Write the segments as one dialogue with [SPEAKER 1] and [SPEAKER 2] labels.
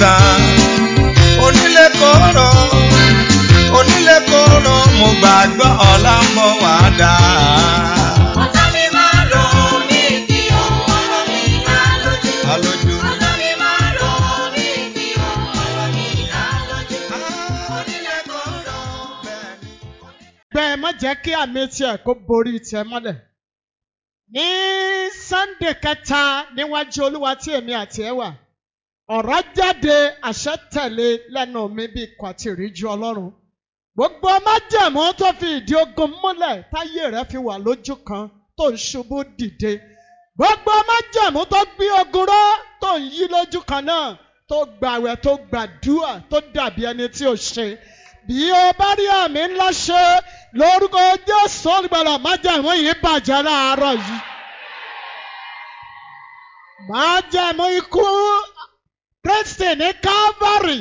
[SPEAKER 1] ta onílé kọ̀rọ̀ onílé kọ̀rọ̀ mo gbàgbọ́ ọ̀la ń bọ̀ dá.
[SPEAKER 2] ni.
[SPEAKER 3] bẹ́ẹ̀ má jẹ́ kí àmì tiẹ̀ kó borí tiẹ̀ mọ́lẹ̀ ní Sunday kẹta níwájú Olúwa tí èmi àti ẹ wà ọ̀rá jáde àṣẹ tẹ̀lé lẹ́nu mi bíi kwàtìrí ju ọlọ́run gbogbo májẹ̀mú tó fi ìdí ogun múlẹ̀ táyé rẹ fi wà lójú kan tó ń ṣubú dìde gbogbo májẹ̀mú tó gbé ogun rọ tó ń yí lójú kan náà tó gbàwẹ̀ tó gbàdúrà tó dàbí ẹni tí ò ṣe bí o bá rí àmì ńlá ṣe lórúkọ Jésù olùgbàlà májẹ̀mú yìí bàjẹ́ láàárọ̀ yìí májẹ̀mú ikú. Kristi ní Calvary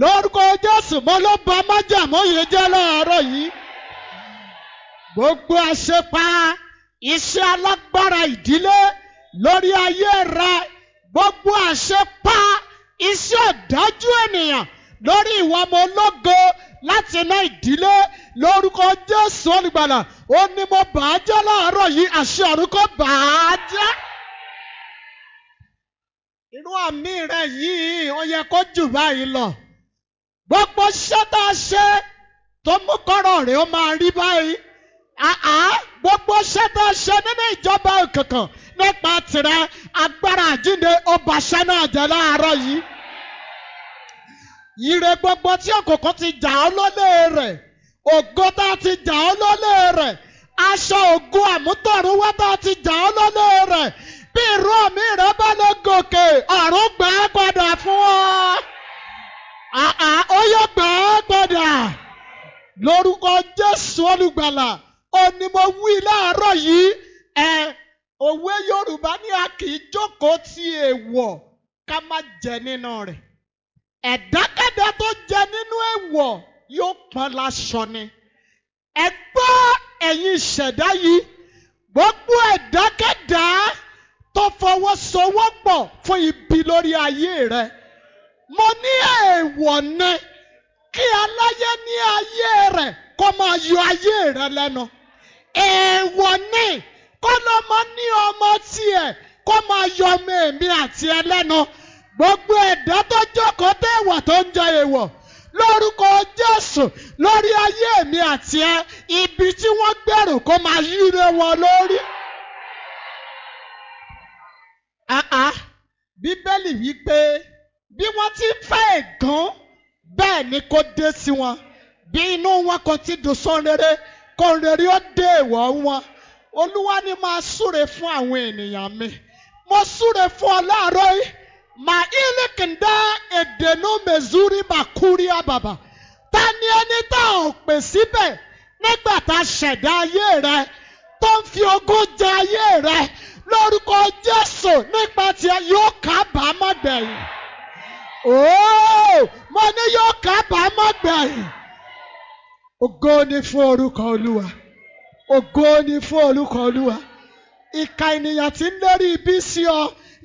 [SPEAKER 3] lórúkọ Jésù mo ló ba májàmú yìí jẹ́ láàárọ̀ yìí. Gbogbo àṣepa iṣẹ́ alágbára ìdílé lórí ayé rẹ gbogbo àṣepa iṣẹ́ ọ̀dájú ènìyàn lórí ìwà ọmọ ológo láti iná ìdílé lórúkọ Jésù olùgbàlà ó ní mo bà á jẹ́ láàárọ̀ yìí àṣẹ ọ̀run kò bà irú àmì rẹ yìí ó yẹ kó jù báyìí lọ gbogbo ṣẹ́tà ṣe tó mú kọ́rọ̀ rẹ̀ ó máa rí báyìí àá gbogbo ṣẹ́tà ṣe nínú ìjọba òkùnkùn nípa tirẹ̀ agbára àjínde ó baṣẹ́ náà jẹ́ láàárọ̀ yìí ire gbogbo tí òkùnkùn ti jà ọ́ lólè rẹ̀ ògo tá a ti jà ọ́ lólè rẹ̀ aṣọ ògo àmútọ̀rúnwá tá a ti jà ọ́ lólè rẹ̀ bí irú ọ̀mí rẹ bá lọ gòkè ọ̀run gbà á padà fún ọ. Àà ó yẹ gbà á padà lórúkọ Jésù olùgbàlà ó ní mo wí láàárọ̀ yìí ẹ òwe Yorùbá ní a kì í jókòó ti èèwọ̀ ká má jẹ nínú rẹ̀ ẹ̀dákẹ́dá tó jẹ nínú èèwọ̀ yóò pọn láṣọ ni ẹ gbọ́ ẹ̀yin ìṣẹ̀dá yìí gbogbo ẹ̀dákẹ́dá tó fọwọ́sowọ́pọ̀ fún ibi lórí ayé rẹ. Mo ní èèwọ̀ ni kí aláyé ní ayé rẹ̀ kó máa yọ ayé rẹ̀ lẹ́nu. Èèwọ̀ ni kó lọ́mọ ní ọmọ tiẹ̀ kó máa yọ ọmọ èmi àti ẹ lẹ́nu. Gbogbo ẹ̀dá tó jókòó tẹ̀wọ̀ tó ń jẹ èèwọ̀ lórúkọ Jésù lórí ayé èmi àti ẹ ibi tí wọ́n gbèrò kó máa yíre wọn lórí. Ah, ah. bíbélì wípé bí wọ́n ti ń fẹ́ ègún bẹ́ẹ̀ ni kó dé sí wọn bí inú wọn kan ti dùn sán rere kó rere ó dé èèwọ̀ wọn olúwa ni máa súre fún àwọn ènìyàn mi mo súre fún ọ láàárọ̀ yìí màá ilé kìndá èdè nù mẹ́zúrí bàkúrí àbàbà ta ni ẹni tá ò pè síbẹ̀ nígbà tá a ṣẹ̀dá ayé rẹ tó ń fi ogún jẹ ayé rẹ lórúkọ Jésù nípa tiẹ̀ yóò kábàámọ̀ gbẹ̀yìn. Ooo oh, mo ní yóò kábàámọ̀ gbẹ̀yìn. Ògo ni fún orúkọ Olúwa. Ògo ni fún orúkọ Olúwa. Ìka ènìyàn tí ń lérí ibi sí ọ,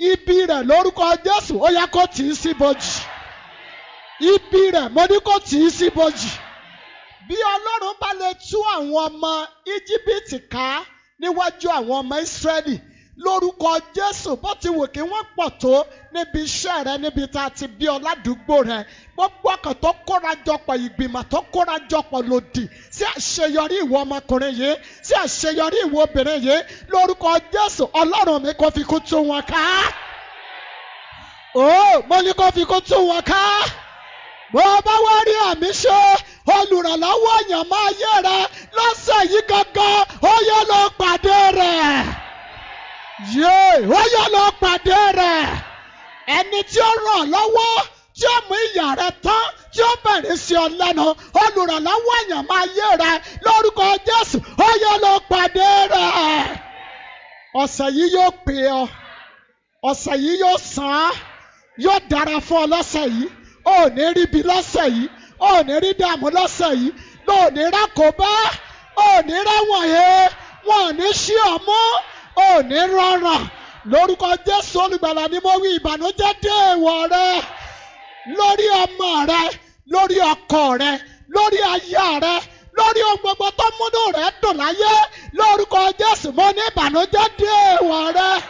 [SPEAKER 3] ibi rẹ̀ lórúkọ Jésù ó yẹ kó tì í síbojì. Ibi rẹ̀ mo ní kó tì í síbojì. Bí Ọlọ́run bá lè tú àwọn ọmọ Íjíbítì ká níwájú àwọn ọmọ Ísírẹ́lì lórúkọ jésù bó ti wù kí wọ́n pọ̀ tó níbi iṣẹ́ rẹ níbi tá a ti bí ọ ládùúgbò rẹ gbogbo ọkàn tó kórajọpọ̀ ìgbìmọ̀ tó kórajọpọ̀ lòdì sí àṣeyọrí ìwọ ọmọkùnrin yìí sí àṣeyọrí ìwọ obìnrin yìí lórúkọ jésù ọlọ́run mi kò fi kú tú wọn ká ó mo ní kò fi kú tú wọn ká bó bá wá rí àmì ṣe olùrànlọ́wọ́ èèyàn máa yé rẹ lọ́sẹ̀ yìí gangan ó yẹ lọ pàdé rẹ̀ yéé ó yọ lọ pàdé rẹ̀ ẹni tí ó ràn lọ́wọ́ tí ó mú ìyà rẹ tán tí ó bẹ̀rẹ̀ sí ọ lẹ́nu olùrànlọ́wọ́ èèyàn máa yé rẹ lórúkọ Jésù ó yẹ lọ pàdé rẹ. ọ̀sẹ̀ yìí yóò pè ọ ọ̀sẹ̀ yìí yóò sàn á yóò dára fún ọ lọ́sẹ̀ yìí ó ní rí ibi lọ́sẹ̀ yìí ó ní rí dààmú lọ́sẹ̀ yìí ló ní rákòbá ó ní ráwọ̀n he wọn ní ṣí ọ ò ní lórúkọ Jésù olùgbàlà ni mo wí ìbànújẹ́ dé èèwọ̀ rẹ lórí ọmọ rẹ lórí ọkọ rẹ lórí aya rẹ lórí ohun gbogbo tó múnú rẹ dùn láyé lórúkọ Jésù mo ní ìbànújẹ́ dé rẹ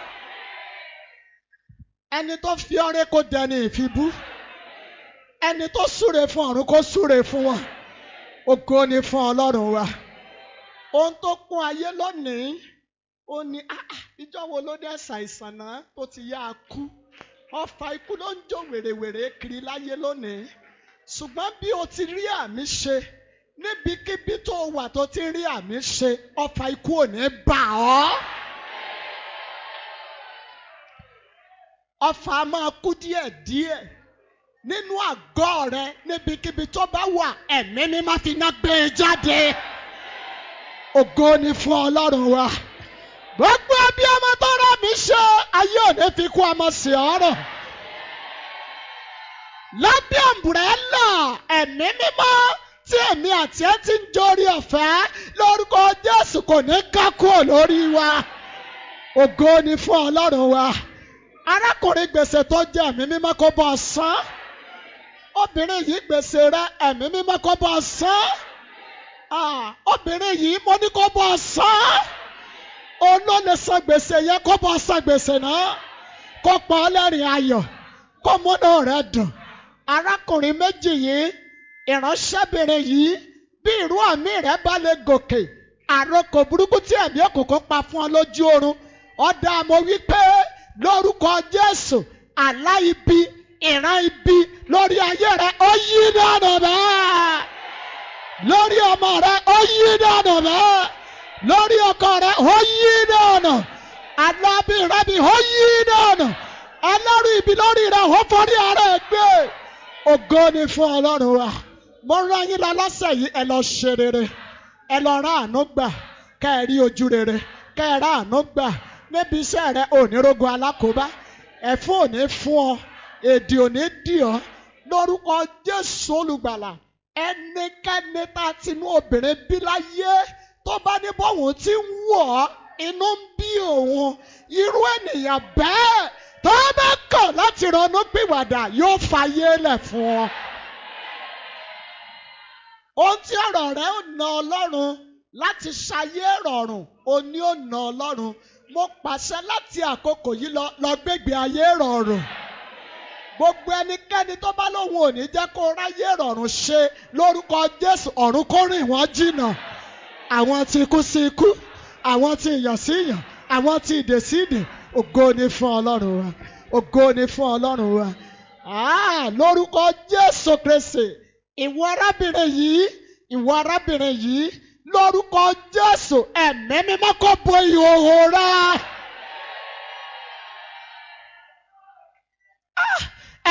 [SPEAKER 3] ẹni tó fi ọrẹ kó dẹni ìfibú ẹni tó súre fún ọ̀run kó súre fún wọn ògo ni fún Ọlọ́run wa ohun tó kún ayé lónìí ó ní ah, ah, ìjọ wo ló dé ṣàìsàn náà tó ti yá a kú ọfà ikú ló ń jó wèrèwèrè kiri láyé lónìí ṣùgbọ́n bí o ti rí àmì ṣe níbikíbi tó wà tó ti rí àmì ṣe ọfà ikú ò ní bà ọ́. ọfà máa kú díẹ̀díẹ̀ nínú àgọ́ rẹ níbikíbi tó bá wà ẹ̀mí ni má fi ná gbé e jáde ògo ni fún Ọlọ́run wa gbogbo ẹbí ọmọ tó rà mí ṣe ayé òní fi kú ọmọ sí ọ̀rọ̀ lábẹ́ ọ̀mbrẹ́là ẹ̀mí mímọ́ tí èmi àti ẹ ti ń jórí ọ̀fẹ́ lórúkọ Jésù kò ní ká kúrò lórí wa ògo ni fún Ọlọ́run wa arákùnrin gbèsè tó jẹ ẹ̀mí mímọ́ kó bọ́ san obìnrin yìí gbèsè rẹ ẹ̀mí mímọ́ kó bọ́ san ah, obìnrin yìí mo ní kó bọ́ san olóòlè san gbèsè yẹn kó bọ́ san gbèsè náà kó pa ọ́ lẹ́rìn ayọ̀ kó múnú rẹ̀ dùn arákùnrin méjì yìí ìránṣẹ́bìnrin yìí bí irú àmì rẹ̀ bá lè gòkè àròkò burúkú tí ẹ̀mí òkùnkùn pa fún ọ lójú oorun ọ̀dà àmọ́ wípé lórúkọ Jésù àlá ìran ibi lórí ayé rẹ ó yí dànù bẹ́ẹ̀ lórí ọmọ rẹ ó yí dànù bẹ́ẹ̀ lórí ọkọ rẹ ó yí dànù alábì rábì ó yí dànù ẹlẹ́rù ibi lórí rẹ ó forí ara ẹ gbé ògo ni fún ọlọ́run wa mo rán yín lọ lọ́sẹ̀ yìí ẹ lọ ṣe rere ẹ lọ rán àánú gbà kẹ́ ẹ rí ojú rere kẹ́ ẹ rán àánú gbà níbi iṣẹ́ rẹ ònírógun alákòóbá ẹ̀fọ́ òní fún ọ èdè òní dì ọ́ lórúkọ Jésù olùgbàlà ẹnikẹ́ni tá a ti inú obìnrin bí láyé tó bá ní bọ́hùn tí ń wọ̀ ọ́ inú ń bí òun irú ènìyàn bẹ́ẹ̀ tó bá kọ̀ láti ronú pìwàdà yóò fayé lẹ̀ fún ọ. ohun tí ọ̀rọ̀ rẹ ò na ọlọ́run láti ṣayé rọrùn o ní ò na ọlọ́run mo pàṣẹ láti àkókò yìí lọ lọ ayé rọrùn gbogbo ẹnikẹ́ni tó bá lóun ò ní jẹ́ kó ráyè rọrùn ṣe lórúkọ Jésù ọ̀run kó rìn wọ́n jìnnà àwọn tí kú sí ikú àwọn tí ìyàn sí ìyàn àwọn tí ìdè sí ìdè ògo ni fún ọlọ́run wa ògo ni fún ọlọ́run wa ah, lórúkọ Jésù Kristi ìwọ arábìnrin yìí ìwọ arábìnrin yìí lórúkọ Jésù ẹ̀mí mímọ́ kó bo ìhòòhò rẹ. Ah,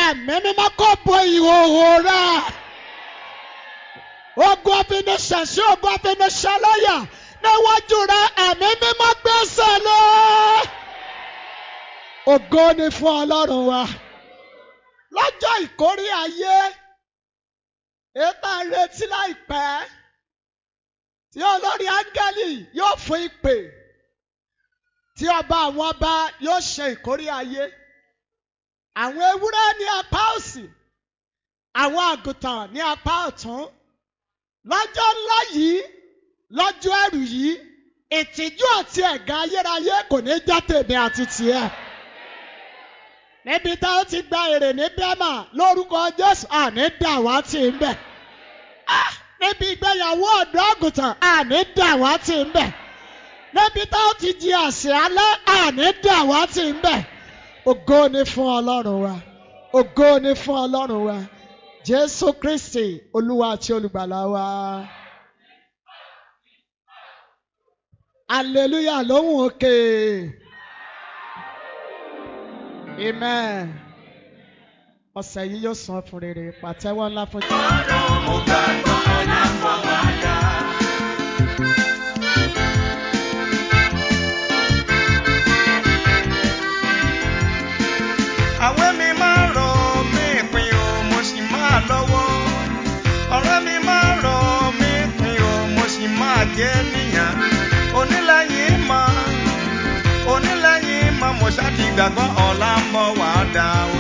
[SPEAKER 3] ẹ̀mí mímọ́ kó bo ìhòòhò rẹ ogun afinisàn sí ogun afinisàn lọ́yà níwájú rẹ ẹ̀mí mímọ́ gbẹ́sẹ̀ lé. ògo ni fún ọlọ́run wa lọ́jọ́ ìkórè ayé èyí tá a retí láìpẹ́ tí olórí áńgẹ́lì yóò fún ìpè tí ọba àwọn ọba yóò ṣe ìkórè ayé àwọn ewúrẹ́ ní apá òsì àwọn àgùntàn ní apá ọ̀tún lọ́jọ́ ńlá yìí lọ́jọ́ ẹ̀rù yìí ìtìjú àti ẹ̀gàn ayérayé kò ní já tèmi àti tiẹ̀. níbi tá ó ti gba èrè ní bẹ́mà lórúkọ jésù àní dàwátì ń bẹ̀. Ah, níbi ìgbéyàwó ọ̀dọ́ àgùntàn àní dàwátì ń bẹ̀. níbi tá ó ti di àsè alẹ́ àní dàwátì ń bẹ̀. ògo ni fún ọlọ́run wa ògo ni fún ọlọ́run wa. Jésù Kristi Olúwa àti Olùgbàlà wa. Hallelujah lóhùn òkè. Amen. Ọ̀sẹ̀ yìí yóò san fún rere pàtẹ́wọ́ ńlá fún Jésù.
[SPEAKER 1] ìgbàgbọ́ ọ̀la mọ́ wàá dáa.